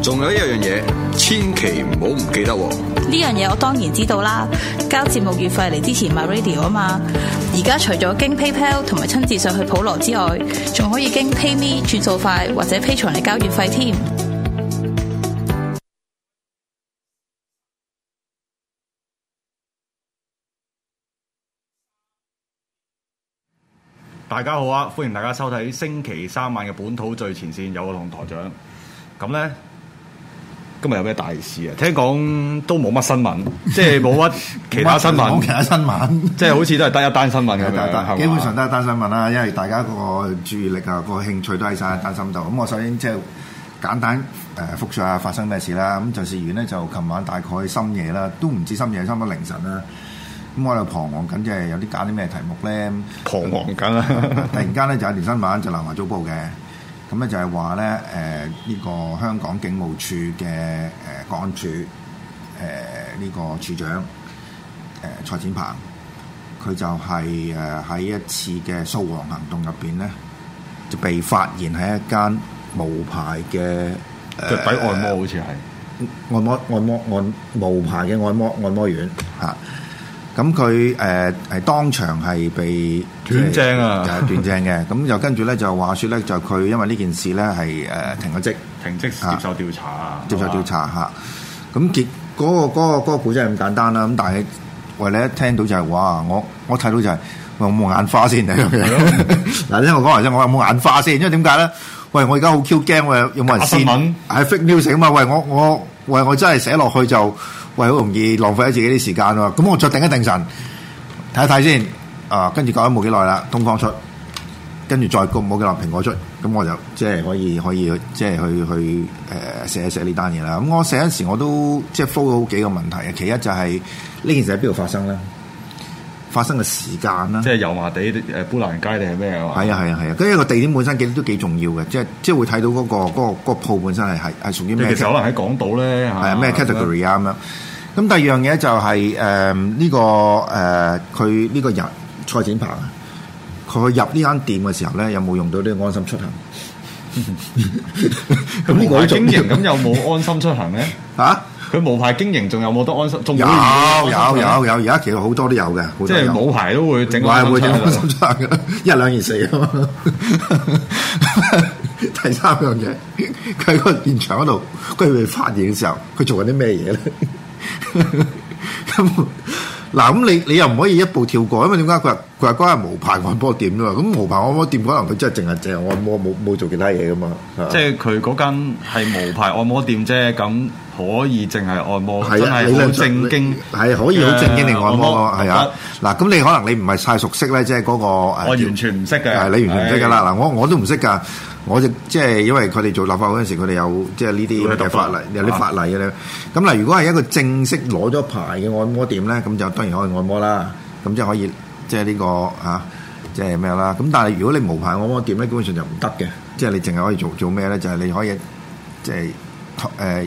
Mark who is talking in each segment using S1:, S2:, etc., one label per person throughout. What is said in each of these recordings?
S1: 仲有一樣嘢，千祈唔好唔記得。
S2: 呢樣嘢我當然知道啦，交節目月費嚟支持 MyRadio 啊嘛。而家除咗經 PayPal 同埋親自上去普羅之外，仲可以經 PayMe 轉數快或者 Patreon 嚟交月費添。
S1: 大家好啊，歡迎大家收睇星期三晚嘅本土最前線，有我同台長。咁咧。今日有咩大事啊？聽講都冇乜新聞， 即係冇乜其他新聞。冇 其他新聞，即係好似都係得一單
S2: 新聞咁樣。 係係係，基本上都係一單新聞啦。因為大家個注意力啊，個興趣都喺曬單新聞度。咁 我首先即係、就是、簡單誒覆述下發生咩事啦。咁就事緣呢，就琴晚大概深夜啦，都唔知深夜差唔多凌晨啦。咁我又彷徨緊，即係有啲揀啲咩題目咧。彷徨緊啊！ 突然間咧就有一條新聞，就南華早報嘅。咁咧就係話咧，誒、呃、呢、這個香港警務處嘅誒國安處，誒、呃、呢、呃這個處長誒、呃、蔡展鵬，佢就係誒喺一次嘅掃黃行動入邊咧，就被發現喺一間無牌嘅，
S1: 呃、腳底按摩好，好似
S2: 係按摩按摩按無牌嘅按摩按摩院嚇。啊咁佢誒係當場係被、呃、斷正啊，斷正嘅。咁 就跟住咧就話說咧就佢因為呢件事咧係、呃、停咗職，
S1: 停職接受調查、啊啊、接受調查
S2: 吓，咁、啊、結嗰、個嗰、個嗰、個故事係咁簡單啦。咁但係喂你一聽到就係、是、哇，我我睇到就係我有冇眼花先嗱。因 為 我講嚟啫，我有冇眼花先？因為點解咧？喂，我而家好 Q 驚，我有冇人先？係 fake news 啊嘛。喂，我我喂我真係寫落去就。喂，好容易浪費咗自己啲時間喎。咁我再定一定神，睇一睇先。啊，跟住講咗冇幾耐啦，東方出，跟住再過冇幾耐蘋果出，咁我就即係可以可以即係去去、呃、寫一寫呢單嘢啦。咁我寫嗰陣時，我都即係 follow 幾個問題嘅。其一就係、是、呢件事喺邊度發生咧？發生嘅時間啦，
S1: 即係油麻地誒砵蘭街定係咩？係啊，係
S2: 啊，係啊。跟住個地點本身幾都幾重要嘅，即係即係會睇到嗰、嗰個嗰、嗰個嗰、嗰個、鋪本身係係係屬於咩？其實可能喺港
S1: 島咧，係咩 category 啊咁
S2: 樣。咁第二樣嘢就係誒，呢個誒佢呢個人蔡展鵬，佢入呢間店嘅時候咧，有冇用到呢個安心出行？
S1: 咁呢個經營咁有冇安心出行咩？啊？佢無牌經營仲有冇得安，安心？有有有
S2: 有，而家其實好多都有嘅，即係冇牌都會整。我係會整安心出
S1: 行嘅，一 兩
S2: 二四
S1: 件
S2: 事啊嘛。第三樣嘢，佢喺個現場嗰度，佢未發現嘅時候，佢做緊啲咩嘢咧？咁 嗱，咁你你又唔可以一步跳過，因為點解佢話佢話嗰間係無牌按摩店啫嘛？咁無牌按摩店可能佢真係淨係淨係按摩，冇冇做其他嘢噶嘛？即
S1: 係佢嗰間係無牌按摩店啫，咁。可以淨係按摩，係啊，好正經，
S2: 係可以好正經嚟按摩咯，係啊。
S1: 嗱，咁你可能你唔係太熟
S2: 悉咧，即係嗰個誒，我完全唔識嘅，係你完全唔識嘅啦。嗱，我我都唔識㗎，我就即、是、係因為佢哋做立法嗰陣時，佢哋有即係呢啲法例，對對對有啲法例嘅咧。咁、啊、嗱，如果係一個正式攞咗牌嘅按摩店咧，咁就當然可以按摩啦。咁即係可以，即係呢個即係咩啦？咁、啊就是、但係如果你無牌按摩店咧，基本上就唔得嘅。即、就、係、是、你淨係可以做做咩咧？就係、是、你可以即係、就是呃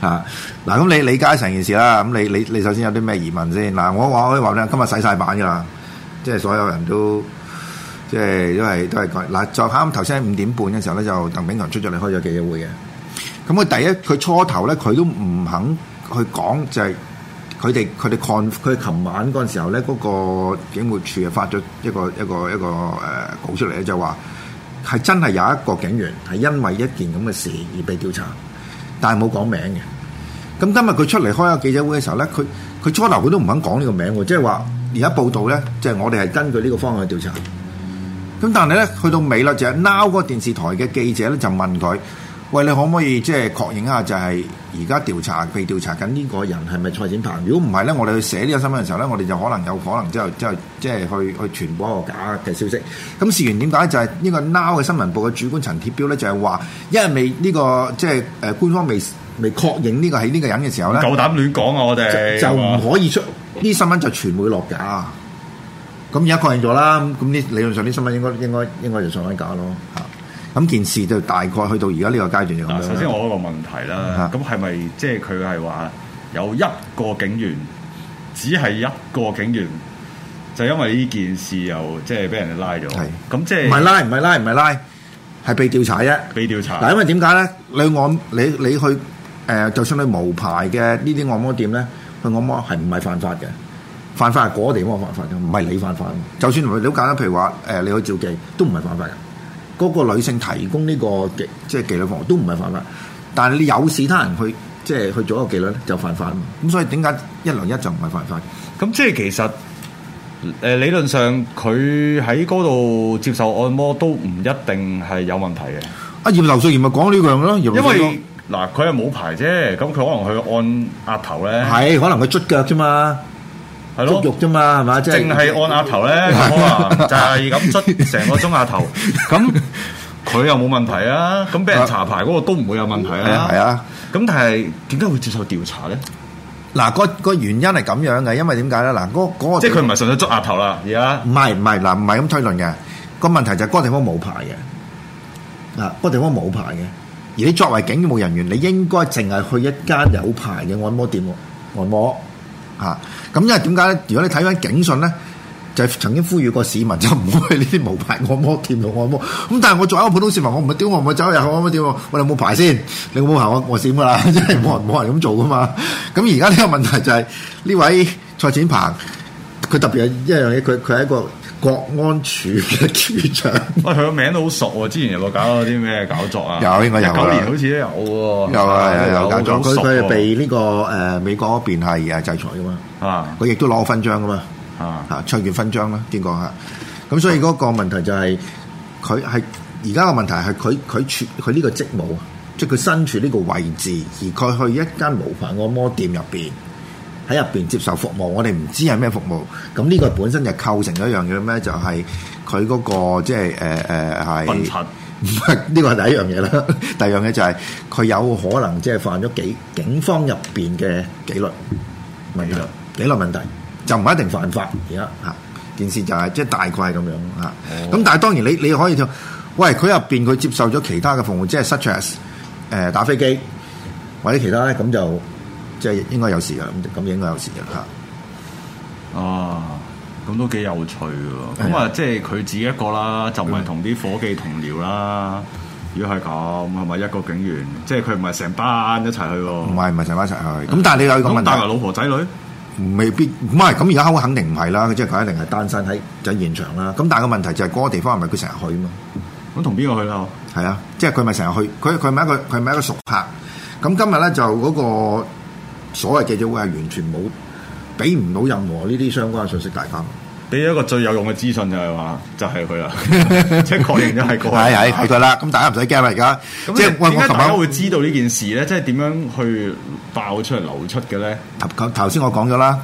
S2: 啊嗱，咁你理解成件事啦。咁你你你首先有啲咩疑問先？嗱、啊，我話可以話你，今日洗晒版噶啦，即係所有人都即係都係都係講嗱。再啱頭先五點半嘅時候咧，就鄧炳強出咗嚟開咗記者會嘅。咁佢第一，佢初頭咧，佢都唔肯去講，就係佢哋佢哋抗。佢琴晚嗰陣時候咧，嗰、那個警務處啊發咗一個一個一個誒稿、呃、出嚟咧，就話、是、係真係有一個警員係因為一件咁嘅事而被調查。但係冇講名嘅，咁今日佢出嚟開下記者會嘅時候咧，佢佢初頭佢都唔肯講呢個名喎，即係話而家報道咧，即係我哋係根據呢個方向去調查。咁但係咧，去到尾啦，就係 Now 個電視台嘅記者咧，就問佢。喂，你可唔可以即係確認一下，就係而家調查被調查緊呢個人係咪蔡展鵬？如果唔係咧，我哋去寫呢個新聞嘅時候咧，我哋就可能有可能之後即係即係去去傳播一個假嘅消息。咁事完點解就係、是、呢個《now》嘅新聞部嘅主管陳鐵彪咧、這個，就係話因為未呢個即係官方未未確認呢個係呢個人嘅時候咧，夠膽
S1: 亂講啊！我哋就唔可
S2: 以出呢新聞，就全會落假。咁而家確認咗啦，咁啲理論上啲新聞應該應該就上咗假咯。咁件事就大概去到而
S1: 家呢個階段。咁首先我個問題啦，咁係咪即係佢係話有一個警員，只係一個警員，就因為呢件事又即係俾人哋拉咗。係咁即係唔係拉
S2: 唔係拉唔係拉，係、就是、被調查啫。
S1: 被調查。嗱、啊，因
S2: 為點解咧？你按你你去誒、呃，就算你無牌嘅呢啲按摩店咧，去按摩係唔係犯法嘅？犯法係嗰個地方犯法嘅，唔係你犯法。就算同係，你揀咧，譬如話誒、呃，你去照記都唔係犯法嘅。嗰、那個女性提供呢個技即係技能服務都唔係犯法，但係你有其他人去即係去做一個技能咧就犯法。咁所以點
S1: 解一樓一就唔係犯法？咁即係其實誒、呃、理論上佢喺嗰度接受按摩都唔一定係有問題嘅。
S2: 阿、啊、葉劉淑儀咪
S1: 講呢樣咯，因為嗱佢係冇牌啫，咁佢可能去按額頭咧，係可能佢捽腳啫嘛。係咯，肉啫嘛，係嘛，即係淨係按額頭咧，按啊，就係咁捽成個鐘額頭，咁佢又冇問題啊，咁俾人查牌嗰個都唔會有問題啊，係啊，咁但係點解會接受調查咧？嗱、
S2: 嗰個，個、嗰個原因係咁樣嘅，因為點解咧？嗱、嗰個，嗰個即係佢唔係
S1: 純粹捽額頭啦，而家唔係唔係嗱，
S2: 唔係咁推論嘅個問題就係嗰個地方冇牌嘅，嗱，嗰個地方冇牌嘅，而你作為警務人員，你應該淨係去一間有牌嘅按摩店按摩。啊！咁因為點解咧？如果你睇翻警訊咧，就曾經呼籲過市民就唔會去呢啲無牌按摩店度按摩。咁但係我作為一個普通市民，我唔會我唔會走入去按摩店喎？我哋冇牌先，你冇行我我閃㗎啦！ 真係冇人冇 人咁做㗎嘛。咁而家呢個問題就係、是、呢位蔡展鵬，佢特別係一樣嘢，佢佢係一個。國安處嘅處長、
S1: 啊，喂，佢個名都好熟，之前有冇搞咗啲咩搞作啊？ 有，應該有啦。九年好似都有喎。有啊，有，有，有搞作。佢佢係被呢、
S2: 這個誒、呃、美國嗰邊係啊制裁噶嘛。啊。佢亦都攞過勳章噶嘛。啊。吓、啊，卓越勳章啦，點講吓？咁所以嗰個問題就係、是，佢係而家個問題係，佢佢處佢呢個職務，即係佢身處呢個位置，而佢去一間無牌按摩店入邊。喺入邊接受服務，我哋唔知係咩服務。咁呢個本身就構成咗一樣嘢咩？就係佢嗰個即係誒誒係糞糞，呢個係第一樣嘢啦。第二樣嘢就係、是、佢有可能即係犯咗幾警方入邊嘅紀律問題，紀律問題就唔一定犯法而家嚇。件事就係即係大概係咁樣嚇。咁、哦、但係當然你你可以就喂佢入邊佢接受咗其他嘅服務，即係 such as 誒、呃、打飛機或者其他咧咁就。即係應該有事嘅，咁咁
S1: 應該有事嘅嚇。哦、啊，咁都幾有趣喎。咁啊，即係佢自己一個啦，就唔係同啲伙計同僚啦。如果係咁，係咪一個警員？即係佢唔係成班一齊去喎。唔係唔係成班一齊去。咁但係你有個問題？帶埋老婆
S2: 仔女？未必唔係。咁而家肯定唔係啦。即係佢一定係單身喺就現場啦。咁但係個問題就係嗰個地方係咪佢成日去啊？咁同邊個去啦？係啊，即係佢咪成日去？佢佢咪一個佢咪一,一個熟客？咁今日咧就嗰個。所謂記者會係完全
S1: 冇，俾唔到任何呢啲相關嘅信息，大家俾一個最有用嘅資訊就係話，就係佢啦，即係確認咗係佢。係係佢啦，咁大家唔使驚啦，而家即係點解大家會知道呢件事咧？即係點樣去爆出嚟，流出嘅咧？頭
S2: 頭先我講咗啦，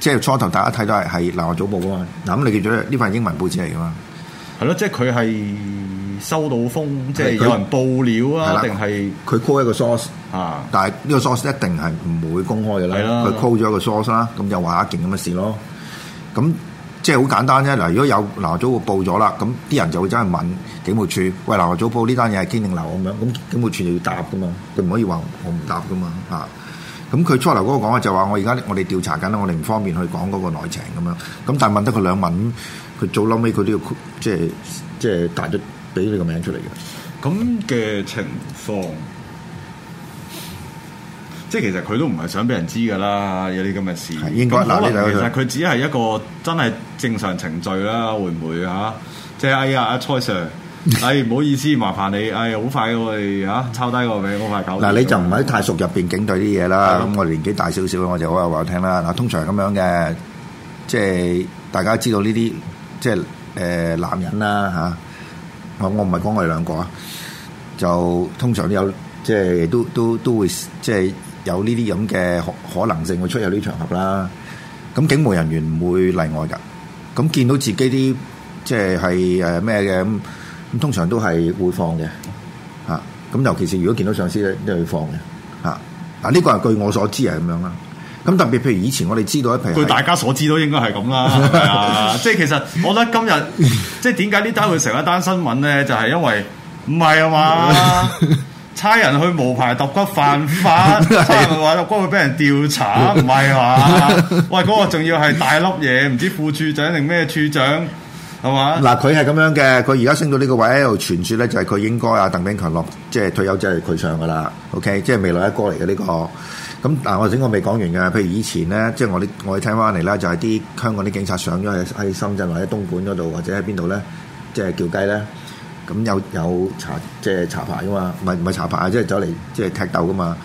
S2: 即係初頭大家睇到係係《南華早報》噶嘛？嗱，咁你記住呢份英文報紙嚟噶嘛？
S1: 係咯，即係佢係。收到風，即係有人
S2: 報料啊？定係佢 call 一個 source 啊？但係呢個 source 一定係唔會公開嘅啦。佢 call 咗一個 source 啦，咁就話一件咁嘅事咯。咁即係好簡單啫。嗱，如果有嗱，早報咗啦，咁啲人就會真係問警務處：喂，嗱，早報呢單嘢係堅定流咁樣。咁警務處就要答噶嘛？佢唔可以我話我唔答噶嘛？啊，咁佢初頭嗰個講嘅就話：我而家我哋調查緊啦，我哋唔方便去講嗰個內情咁樣。咁但係問得佢兩問，佢早撈尾佢都要即係即
S1: 係大得。俾你個名出嚟嘅，咁嘅情況，即係其實佢都唔係想俾人知噶啦，有啲咁嘅事。咁可能其實佢只係一個真係正常程序啦，會唔會啊？即係哎呀，阿蔡 Sir， 哎唔好意思，麻煩你，哎好快我哋啊抄低個名，好快搞。嗱，你就唔係
S2: 太熟入邊警隊啲嘢啦。咁我年紀大少少，我就好話話聽啦。嗱，通常咁樣嘅，即係大家都知道呢啲，即係誒、呃、男人啦吓。啊我我唔係講我哋兩個啊，就通常都有即係都都都會即係有呢啲咁嘅可能性會出入呢場合啦。咁警務人員唔會例外㗎。咁見到自己啲即係係誒咩嘅咁，通常都係會放嘅。嚇！咁尤其是如果見到上司咧都要放嘅。嚇！嗱呢個係據我所知係咁樣啦。咁特別，譬如以前我哋知道一譬如大
S1: 家所知道應該係咁啦，即係 其實我覺得今日即係點解呢單會成一單新聞咧，就係、是、因為唔係啊嘛，差人 去無牌揼骨犯法，差人揼骨會俾人調查，唔係啊嘛， 喂，嗰、那個仲要係大粒嘢，唔知副處長定咩處長，係嘛？
S2: 嗱，佢係咁樣嘅，佢而家升到呢個位置，喺度傳説咧，就係佢應該啊，鄧炳強落即係退休，即係佢上噶啦，OK，即係未來一哥嚟嘅呢個。咁嗱，我整個未講完嘅，譬如以前咧，即係我哋我哋聽翻嚟啦，就係啲香港啲警察上咗去喺深圳或者東莞嗰度，或者喺邊度咧，即係叫雞咧，咁有有查即係查牌噶嘛，唔係唔係查牌啊，即係走嚟即係踢鬥噶嘛，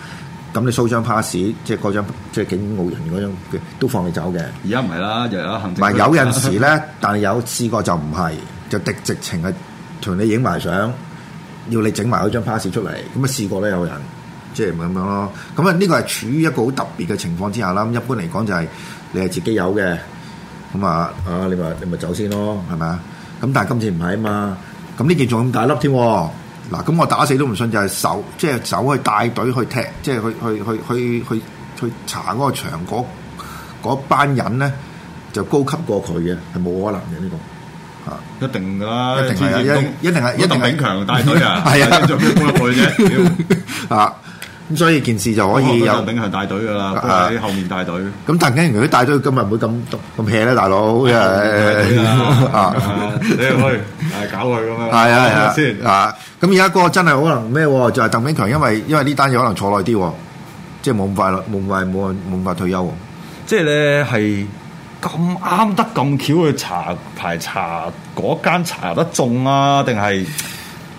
S2: 咁你 show 張 pass 即係嗰張即係警務員嗰張都放你走嘅。而家唔係啦，就
S1: 有肯定。唔係有陣時咧，
S2: 但係有試過就唔係，就直直情係同你影埋相，要你整埋嗰張 pass 出嚟，咁啊試過咧有人。即係咪咁樣咯？咁啊，呢個係處於一個好特別嘅情況之下啦。咁一般嚟講就係、是、你係自己有嘅，咁啊啊，你咪你咪走先咯，係咪啊？咁但係今次唔係吖嘛，咁呢件仲咁大粒添。嗱，咁我打死都唔信，就係、是、手，即、就、係、是、走去帶隊去踢，即、就、係、是、去去去去去去，去查嗰個場嗰嗰班人咧，就高級過佢嘅，係冇可能嘅呢、這個啊，一定㗎啦，一定係，一定係，一
S1: 定係鄧炳強帶隊啊，係 啊，做咩工作嘅啊！所以件事就可以由，鄧炳強帶隊噶啦，喺後面帶隊。
S2: 咁但係竟然佢帶隊今日唔會咁毒咁 hea 咧，大佬呀！啊，yeah, 啊你
S1: 去 可以 搞佢咁樣。係啊係 啊，啊，
S2: 啊，先啊。咁而家個真係可能咩？就係、是、鄧炳強，因為因為呢單嘢可能坐耐啲，即係冇咁快咯，冇咁快冇冇咁快退休。即
S1: 係咧係咁啱得咁巧，巧去查排查嗰間查得中啊？定係？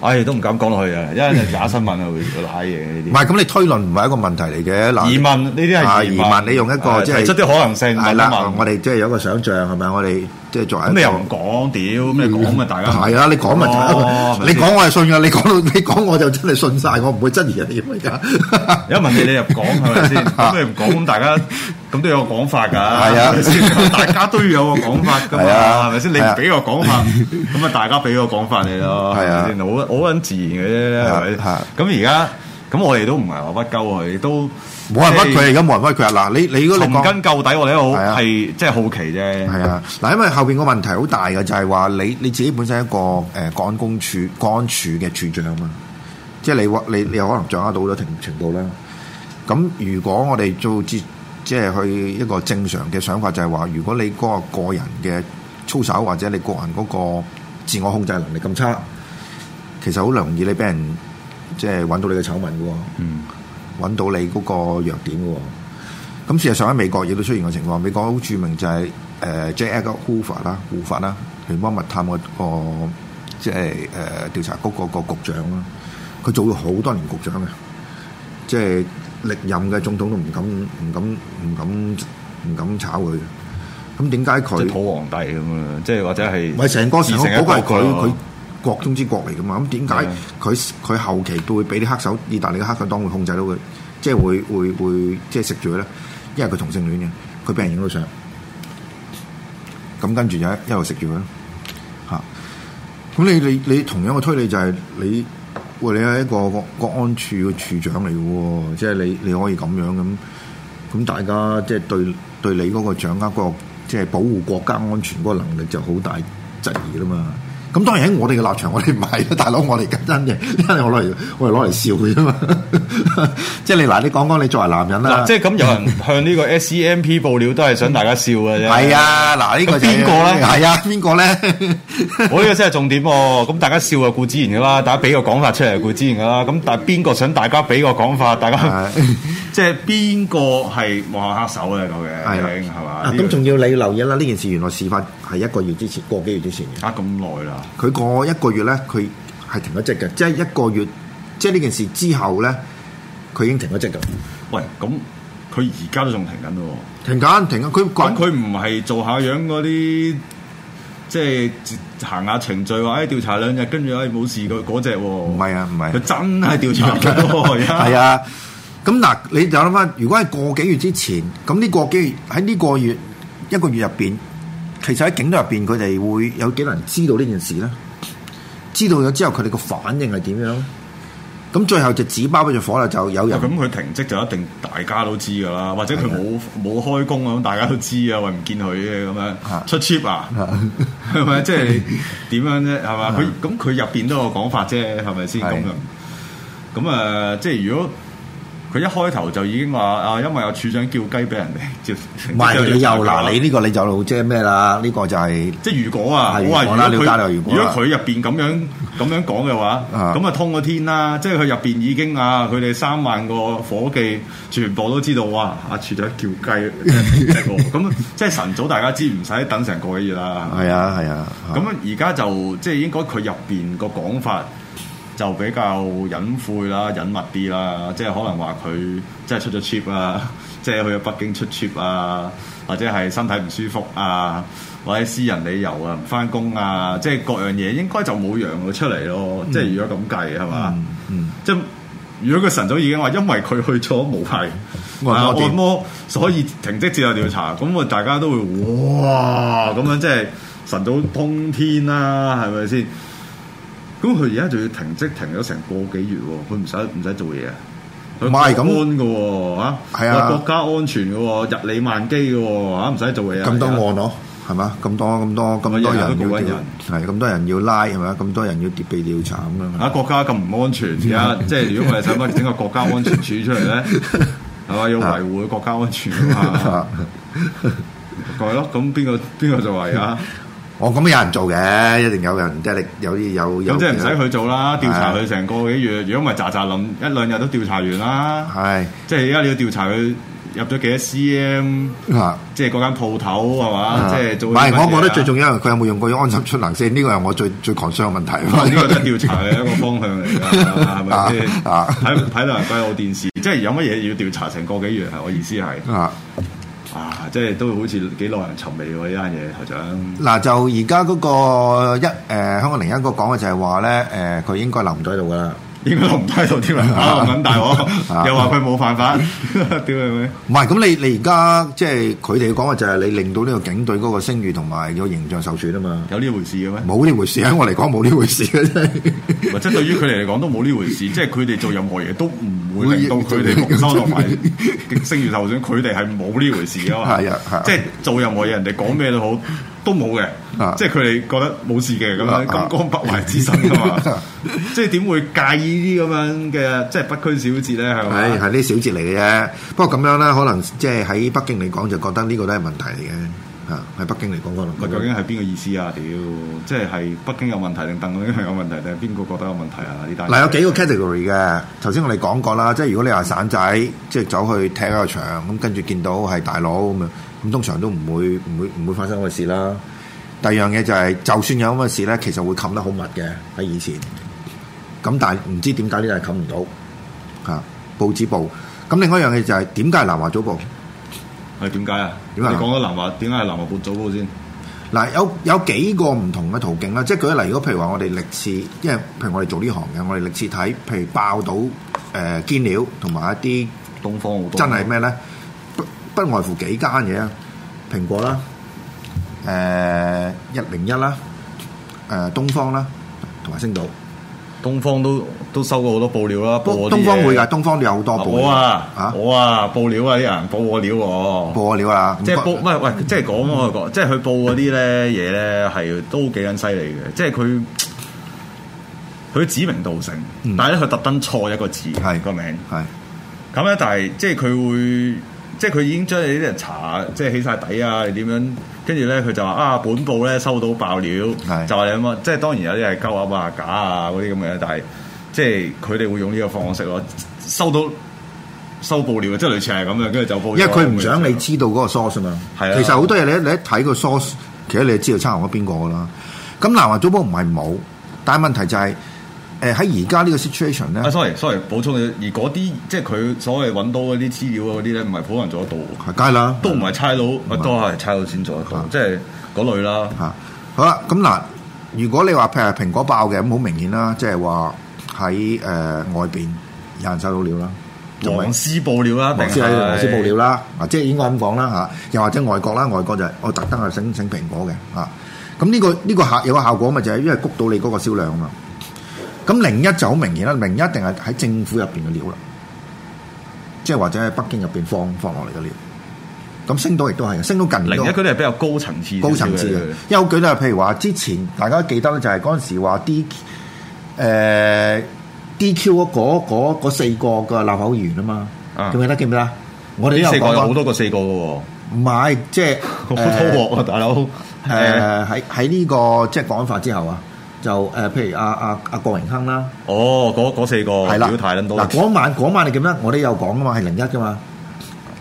S1: 唉，都唔敢講落去啊！因為假新聞啊、嗯，會瀨嘢啲。唔係，咁你
S2: 推論唔係一個問題嚟嘅。疑問呢啲係疑問，啊、疑問你用一個即係、就是、出啲可能性是。係啦，我哋即係有一個想像，係咪啊？我哋。即係作咁你又唔講屌，咩講咪大家？係啊，你講咪、哦，你講我係信噶，你講到你講我就真係信晒，我唔會質疑人哋。而家
S1: 一問你，你唔講係咪先？咁 你唔講咁大家咁都有個講法㗎。係啊，是是 大家都要有個講法㗎嘛，係咪先？你唔俾個講法，咁啊大家俾個講法你咯。係啊，我我好自然嘅啫，係咪、啊？咁而家咁我哋都唔係話屈鳩佢，都。冇人屈佢，而家冇人屈佢、哎、啊！嗱，你你如果唔根究底，我咧好係即
S2: 係好奇啫。係啊，嗱，因為後邊個問題好大嘅，就係、是、話你你自己本身一個誒國安公署國安處嘅處長啊嘛，即係你你你有可能掌握到咗程程度啦。咁如果我哋做住即係去一個正常嘅想法，就係話，如果你嗰個個人嘅操守或者你個人嗰個自我控制能力咁差，其實好容易你俾人即係揾到你嘅醜聞嘅喎。嗯。揾到你嗰個弱點嘅，咁事實上喺美國亦都出現個情況。美國好著名就係誒 Jack Hoover 啦，胡佛啦，聯邦密探個個即係誒調查局個個局長啦，佢做咗好多年局長嘅，即係歷任嘅總統都唔敢唔敢唔敢唔敢炒佢。咁點解佢？土皇帝咁樣！即係或者係咪成個時候嗰個佢佢？國中之國嚟噶嘛？咁點解佢佢後期都會俾啲黑手、意大利嘅黑手黨會控制到佢？即係會會會即係食住佢咧？因為佢同性戀嘅，佢俾人影到相，咁跟住就一路食住佢啦。咁、啊、你你你,你同樣嘅推理就係你喂，你係一個國,國安處嘅處長嚟嘅喎，即係你你可以咁樣咁咁，大家即係對對你嗰個掌握嗰、嗰個即係保護國家安全嗰個能力就好大質疑啦嘛。咁當然喺我哋嘅立場，我哋唔係大佬，我哋緊真嘅，真係我嚟，我嚟攞嚟笑佢啊嘛！
S1: 即 係你嗱，你講講你作為男人啦，即係咁有人向呢個 SCMP 報料都係想大家笑嘅啫。係 啊，嗱、這個就是、呢個邊個
S2: 咧？係啊，邊、啊、 個咧？
S1: 我呢個真係重點喎、啊！咁大家笑啊顧之然噶啦，大家俾個講法出嚟顧之然噶啦，咁但係邊個想大家俾個講法？大家、 啊、即係邊個係幕後黑手啊？究竟係係嘛？咁仲、啊、要
S2: 你留意啦！呢件事原來事發係一個月之前，過幾個月之前嘅，嚇咁耐啦～佢過一個月咧，佢係停咗職嘅，即係一個月，即係呢件事之
S1: 後咧，佢已經停咗職嘅。喂，咁佢而家都仲停緊咯？停緊，停緊。佢佢唔係做一下樣嗰啲，即、就、係、是、行下程序話誒調查兩日，跟住誒冇事的、那個嗰隻。唔係啊，唔係，佢真係調查嘅。係啊，咁嗱、啊 現在 啊，你
S2: 就諗翻，如果係個幾月之前，咁呢個幾個月喺呢個月一個月入邊。其實喺警隊入邊，佢哋會有幾多人知道呢件事咧？知道咗之後，佢哋個反應係點樣？咁最後就紙
S1: 包俾只火啦，就有人咁佢停職就一定大家都知噶啦，或者佢冇冇開工咁，大家都知啊，喂，唔見佢咧咁樣出 trip 啊，係咪即係點樣啫？係嘛，佢咁佢入邊都有講法啫，係咪先咁樣？咁啊、呃，即係如果。佢一開頭就已經話啊，因為有處長叫雞俾人哋，唔係佢又嗱，你呢
S2: 個你就即係咩啦？呢、呢個就係、係、即係如果啊，我話啦，如果佢
S1: 入邊咁樣咁 樣講嘅話，咁 啊通個天啦。即係佢入邊已經啊，佢哋三萬個伙計全部都知道哇！阿、啊、處長叫雞，咁、 嗯、 即係晨早大家知，唔使等成個幾月啦。係啊，係啊。咁而家就即係應該佢入邊個講法。就比較隱晦啦、隱密啲啦，即係可能話佢即係出咗 trip 啊，即係去咗北京出 trip 啊，或者係身體唔舒服啊，或者私人理由啊，唔翻工啊，即係各樣嘢應該就冇讓佢出嚟咯。嗯、即係如果咁計係嘛？即係如果佢晨早已經話，因為佢去咗無牌啊按摩，按摩，所以停職接受調查，咁我大家都會哇咁 樣即神、啊，即係晨早通天啦，係咪先？咁佢而家仲要停職停咗成個幾月喎，佢唔使唔使做嘢，佢係國安嘅喎嚇，係啊，啊，啊，國家安全嘅喎，日理萬機嘅喎嚇，唔使做嘢。咁多案囉係嘛？咁多咁多咁、啊、多人要
S2: 係咁多人要拉係嘛？咁多人要碟被調查咁樣
S1: 嚇，國家咁唔安全而家， 即係如果我哋使乜整個國家安全處出嚟咧，係 嘛要維護國家安全 啊？係 咯，咁邊個邊個就話呀？ 哦，咁有人做嘅，一定
S2: 有人即係有啲有有。咁即係唔使去做
S1: 啦，調查佢成個幾月，如果唔係咋咋諗一兩日都調查完啦。係，即係而家你要調查佢入咗幾多 CM，即係嗰間鋪頭係嘛，即係做。唔係我覺得最
S2: 重要佢、啊、有冇用過安心出能行先，呢個係我最最 concern 嘅問題。呢個都係調查嘅一個方向嚟㗎，係
S1: 咪啊，睇睇人閉路電視， 即係有乜嘢要調查成個幾月係我意思係。啊！即係都好似幾耐人尋味喎，呢單嘢，校長
S2: 嗱，就而家嗰個一誒、呃，香港另一個講嘅就係話咧，誒、呃，佢應該留唔到喺度噶啦。應該同唔低到添啊！咁大鑊，又話佢
S1: 冇犯法，屌、啊 啊啊、 你！
S2: 唔係咁，你你而家即係佢哋講話就係、是、你令到呢個警隊嗰個聲譽同埋有形象受損啊嘛！有呢回事嘅咩？冇呢回事喺我嚟講冇呢回、， 就是、回事，
S1: 或者對於佢哋嚟講都冇呢回事，即係佢哋做任何嘢都唔會令到佢哋蒙羞同埋聲譽受損，佢哋係冇呢回事嘅。啊，即、啊、係、就是、做任何嘢， 人哋講咩都好。都冇嘅、啊，即係佢哋覺得冇事嘅咁樣，金剛不壞之身噶嘛， 即係點會介意啲咁樣嘅，即係不拘小節咧？係係呢
S2: 小節嚟嘅啫。不過咁樣咧，可能即係喺北京嚟講，就覺得呢個都係問題嚟嘅。嚇，喺北京嚟講可能。究竟係
S1: 邊個意思啊？屌，即係係北京有問題定鄧總有問題定係邊個覺得有問題啊？呢單嗱有幾
S2: 個 category 嘅，頭先我哋講過啦，即係如果你話散仔，嗯、即係走去踢下場，咁跟住見到係大佬咁樣。咁通常都唔會唔會唔會發生嗰個事啦。第二樣嘢就係、是，就算有咁嘅事咧，其實會冚得好密嘅喺以前。咁但係唔知點解呢樣冚唔到嚇？報紙報。咁另外一樣嘢就係點解南華早報？
S1: 係點解啊？你講咗南華點解係南華報早報先？嗱、
S2: 啊，有有幾個唔
S1: 同嘅途徑啦。即係
S2: 舉例，如果譬如話我哋歷次，因為譬如我哋做呢行嘅，我哋歷次睇，譬如爆到誒、呃、堅料同埋一啲東方，真係咩咧？不外乎幾間嘢啊，蘋果啦，誒一零一啦，誒、呃、
S1: 東方啦，同埋星島。東方都都收過好多報料啦，東，東方會啊，東方有好多報料、啊。我啊嚇、啊、我啊報料啊啲人報我料我、啊、報我料啊，即係報唔、嗯、喂，即係講我個即係佢報嗰啲咧嘢咧係都幾撚犀利嘅，即係佢佢指名道姓、嗯，但係咧佢特登錯一個字係、嗰個名係咁咧，但係即係佢會。即係佢已經將你啲人查，即係起晒底啊，點樣？跟住咧，佢就話啊，本報咧收到爆料，係啊就話咁啊。」即係當然有啲係鳩啊、假啊嗰啲咁嘅，但係即係佢哋會用呢個方式咯、嗯，收到收爆料，即係類似係咁樣，跟住就報。因為佢唔想你
S2: 知道嗰個 source 嘛，其實好多嘢你一你一睇個 source，其實你就知道差唔多邊個啦。咁南華早報唔係冇，但係問題就係、是。誒，喺、啊、而家呢個 situation 咧
S1: ，sorry，sorry 補充嘅，而嗰啲即係佢所謂揾到嗰啲資料嗰啲咧，唔係普通人做得到，梗係啦，都唔係差佬，都係差佬先做得、啊、即係嗰類啦。吓、啊，好啦，咁嗱，如果
S2: 你話譬如蘋果爆嘅，咁好明顯啦，即係話喺誒外邊有人收到料啦，黃絲報料啦，黃絲喺報料啦，即係應該咁講啦，吓、啊，又或者外國啦，外國就係、是、我特登係整整蘋果嘅，啊，咁呢、這個呢、這個有個效果咪就係、是、因為谷到你嗰個銷量啊嘛。咁零一就好明顯啦，零一定係喺政府入邊嘅料啦，即係或者喺北京入邊放放落嚟嘅料。咁升到亦都係升到近零一嗰
S1: 啲係比較高層次、高層次嘅。
S2: 又舉例，譬如話之前大家記得咧、呃，就係嗰陣時話啲 DQ 嗰四個嘅立法員啊嘛，記、啊、唔記得？記唔記得？啊、
S1: 我哋啲四個好多個四個
S2: 嘅喎、哦，唔係即係好粗學啊，大佬。誒喺喺呢個即係講法之後啊。
S1: 就誒、呃，譬如阿阿阿郭榮鏗啦，哦，嗰嗰四個表態咁嗱嗰
S2: 晚嗰晚你點咧？我哋有講噶嘛，係零一噶嘛，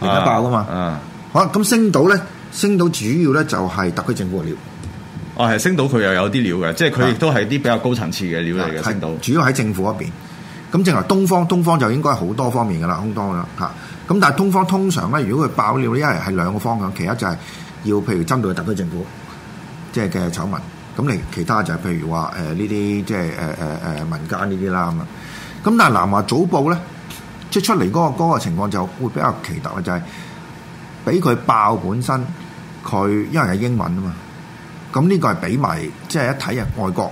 S2: 零一爆噶嘛。啊，啊好啦，咁星島咧，星島主要咧就係特區政府嘅料。
S1: 哦、啊，係星島佢又有啲料嘅，即係佢
S2: 亦都係啲比較高層次嘅料嚟嘅。星島主要喺政府嗰邊。咁正如東方，東方就應該好多方面噶啦，好多噶嚇。咁但係東方通常咧，如果佢爆料咧，係係兩個方向，其一就係要譬如針對特區政府，即係嘅醜聞。咁嚟其他就係譬如話誒，呢啲即係誒誒誒民間呢啲啦咁啊，咁但係南華早報咧，即係出嚟嗰個嗰個情況就會比較奇特嘅，就係俾佢爆本身，佢因為係英文啊嘛，咁呢個係俾埋即係一睇啊外國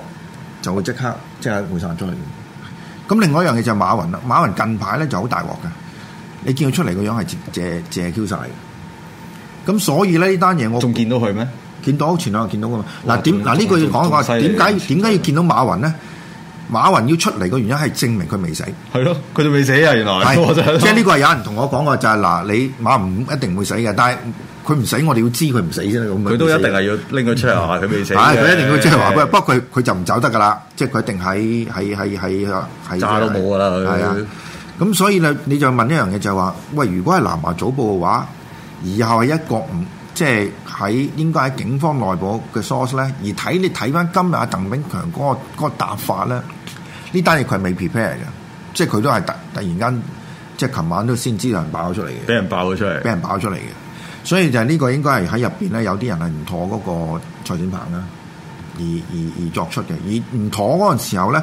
S2: 就會即刻即係會散出嚟咁、嗯、另外一樣嘢就係馬雲啦，馬雲近排咧就好大鑊嘅，你見佢出嚟個樣係借借 Q 晒。咁所以咧呢單嘢我仲見到佢咩？見到前兩日見到噶嘛？嗱點嗱呢句要講嘅話，點解點解要見到馬雲咧？馬雲要出嚟嘅原因係證明佢未死。係
S1: 咯、啊，佢就未死啊！原來，即係呢個係
S2: 有人同我講過就係、是、嗱，你馬唔一,一,、嗯、一定會死嘅，但係佢唔死，我哋要知佢唔死先，咁佢都一定係
S1: 要拎佢出嚟佢未死。佢一定要即係話不
S2: 過佢佢就唔走得噶啦，即係佢一定喺喺喺喺炸都冇噶啦佢。係啊，咁所以咧，你就問一樣嘢就係、是、話，喂，如果係南華早報嘅話，以後係一國五。即係喺應該喺警方內部嘅 source 咧，而睇你睇翻今日阿、啊、鄧炳強嗰、那個答法咧，呢單嘢佢係未 prepare 嘅，即係佢都係突突然間，即係琴晚都先知有人爆咗出嚟嘅，俾人爆咗出嚟，俾人爆咗出嚟嘅，所以就係呢個應該係喺入邊咧有啲人係唔妥嗰個蔡展鵬啦，而而而作出嘅，而唔妥嗰個時候咧，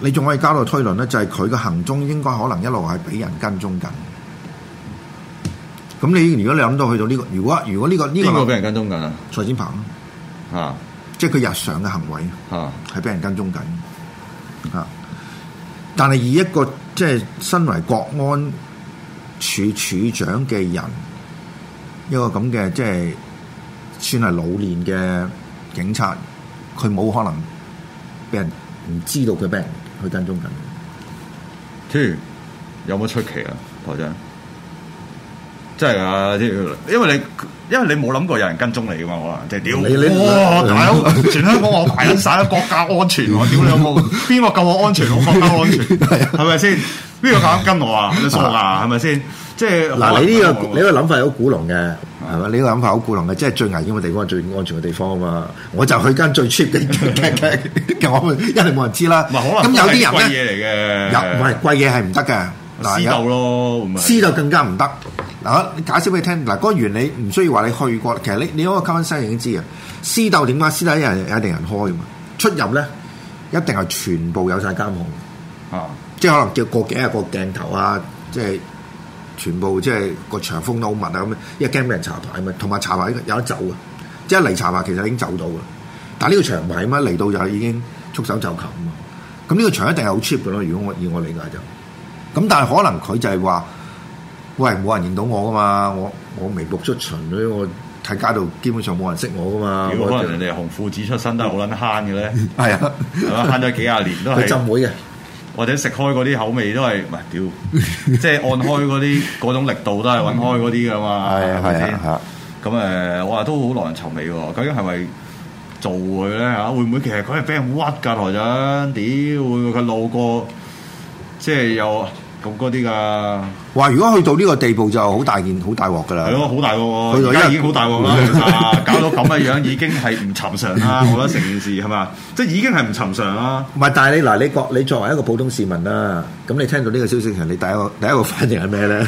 S2: 你仲可以加到推論咧，就係佢嘅行蹤應該可能一路係俾人跟蹤緊。咁你如果你諗到去到呢、這個，如果如果呢、這個呢、這個俾人，人跟蹤緊，蔡展鵬？啊，即係佢日常嘅行為啊，係俾人跟蹤緊啊。但係以一個即係身為國安處處長嘅人，一個咁嘅即係算係老年嘅警察，佢冇可能俾人唔知道佢俾人去跟蹤緊。天、嗯，
S1: 有冇出奇啊，台長？真係啊！因為你因為你冇諗過有人跟蹤你噶嘛？我話即係屌你！大佬，全香港我排緊曬 國家安全喎！屌你老母，邊個夠我安全？我國家安全係咪先？邊個敢跟我啊？你傻啊？係咪先？即係嗱，你呢個你個諗法好古龍嘅係咪？你呢個諗
S2: 法好古龍嘅，即係最危險嘅地方係最安全嘅地方啊嘛！我就去間最 cheap 嘅嘅嘅，我一定冇人知啦。咁有啲人
S1: 咧，又唔係
S2: 貴嘢係唔得嘅，
S1: 私竇
S2: 咯，私竇更加唔得。啊，你解釋俾你聽嗱，嗰個原理唔需要話你去過，其實你你開過監生已經知啊，私鬥點解，私鬥有人一定人開嘅嘛。出入咧一定係全部有晒監控啊，即係可能叫過幾日個鏡頭啊，即係全部即係個長風都好密啊咁。因為驚俾人查牌啊嘛，同埋查牌有得走啊。即係嚟查牌其實已經走到啦。但係呢個場唔係乜嚟到就已經束手就擒啊嘛。咁呢個場一定係好 cheap 嘅咯。如果我以我理解就咁，但係可能佢就係話。喂，冇人認到我噶嘛？我我微博出巡嗰，我
S1: 喺街度基本上冇人識我噶嘛。如果可能人哋紅褲子出身 都係好撚慳嘅咧，係啊，慳咗幾廿年都係。 浸會嘅，或者食開嗰啲口味都係，唔係屌，即 係按開嗰啲嗰種力度都係揾開嗰啲噶嘛，係 係啊。咁誒，我話都好耐人尋味喎。究竟係咪做佢咧嚇？會唔會其實佢係俾人屈噶台長？屌，會唔會佢路過即係有。啲噶，
S2: 哇！如果去到呢個地步就好大
S1: 件、好大鑊噶啦，係咯，好大鑊喎，而家已經好大鑊啦，搞到咁嘅樣已經係唔尋常啦， 我覺得成件事係嘛， 即係已經係唔尋常啦。
S2: 唔係，但係你嗱，你國覺你作為一個普通市民啦，咁你聽到呢個消息時，你第一個第一個反應係咩咧？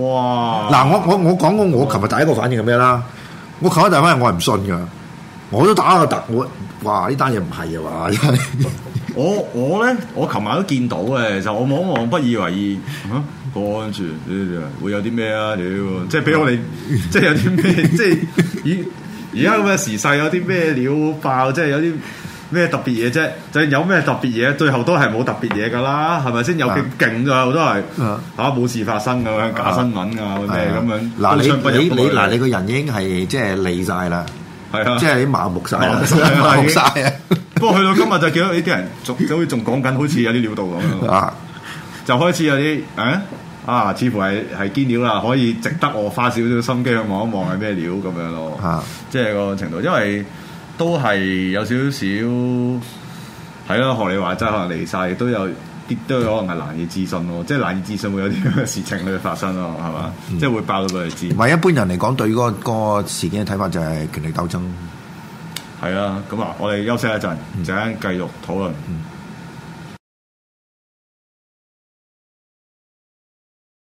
S1: 哇！
S2: 嗱、啊，我我我講我，我琴日第一個反應係咩啦？我琴日第一個反應我係唔信噶。我都打個突，我，哇！呢單嘢唔係
S1: 啊！哇！ 我我咧，我琴晚都見到嘅，就我望一望不以為意。嗯、啊，關注呢會有啲咩啊？屌、啊啊，即係俾我哋，即係有啲咩？即係而而家咁嘅時勢，有啲咩料爆？即係有啲咩特別嘢啫？就係、有咩特別嘢，最後都係冇特別嘢噶啦，係咪先？有幾勁㗎？我都係啊，冇、啊啊、事發生咁樣假新聞啊，咁、啊啊、樣？嗱、啊啊啊啊啊啊，你你嗱，你個人已經係即係理晒啦。係啊，即係啲麻木晒，麻木晒啊，木啊木！不過去到今日就見到呢啲 人仲好似仲講緊，好似有啲料到咁樣。啊， 就開始有啲啊啊，似乎係係堅料啦，可以值得我花少少心機去望一望係咩料咁樣咯。啊，即係個程度，因為都係有少少係咯，學、啊、你話齋可能離晒都有。跌都可能係難以置信咯，即係難以置信會有啲咁嘅事情去發生咯，係嘛？即、嗯、係會爆到佢哋知。
S2: 唔係一般人嚟講對嗰個個事件嘅睇法就係權力鬥爭。
S1: 係啊，咁啊，我哋休息一陣，陣間繼續討論。嗯嗯。